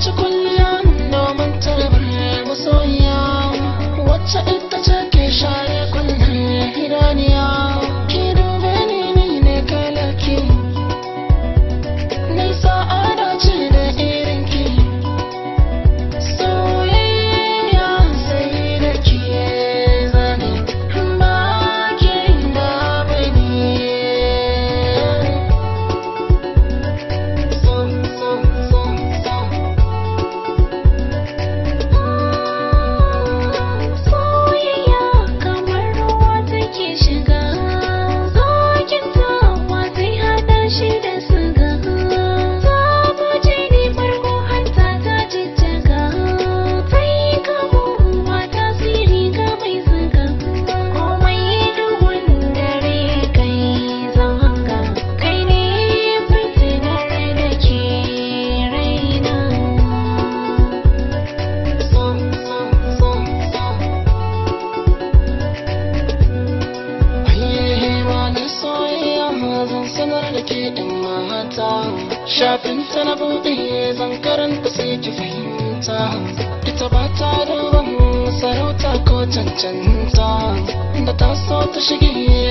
ci kulliya noman tarbar masoyiya wacce ita ce ke share kunnen idaniya 真是。hidimar da ke ɗin mata shafin ta na buɗe zan karanta sai ki fahimta ita ba ta da sarauta ko cancanta da ta so ta shige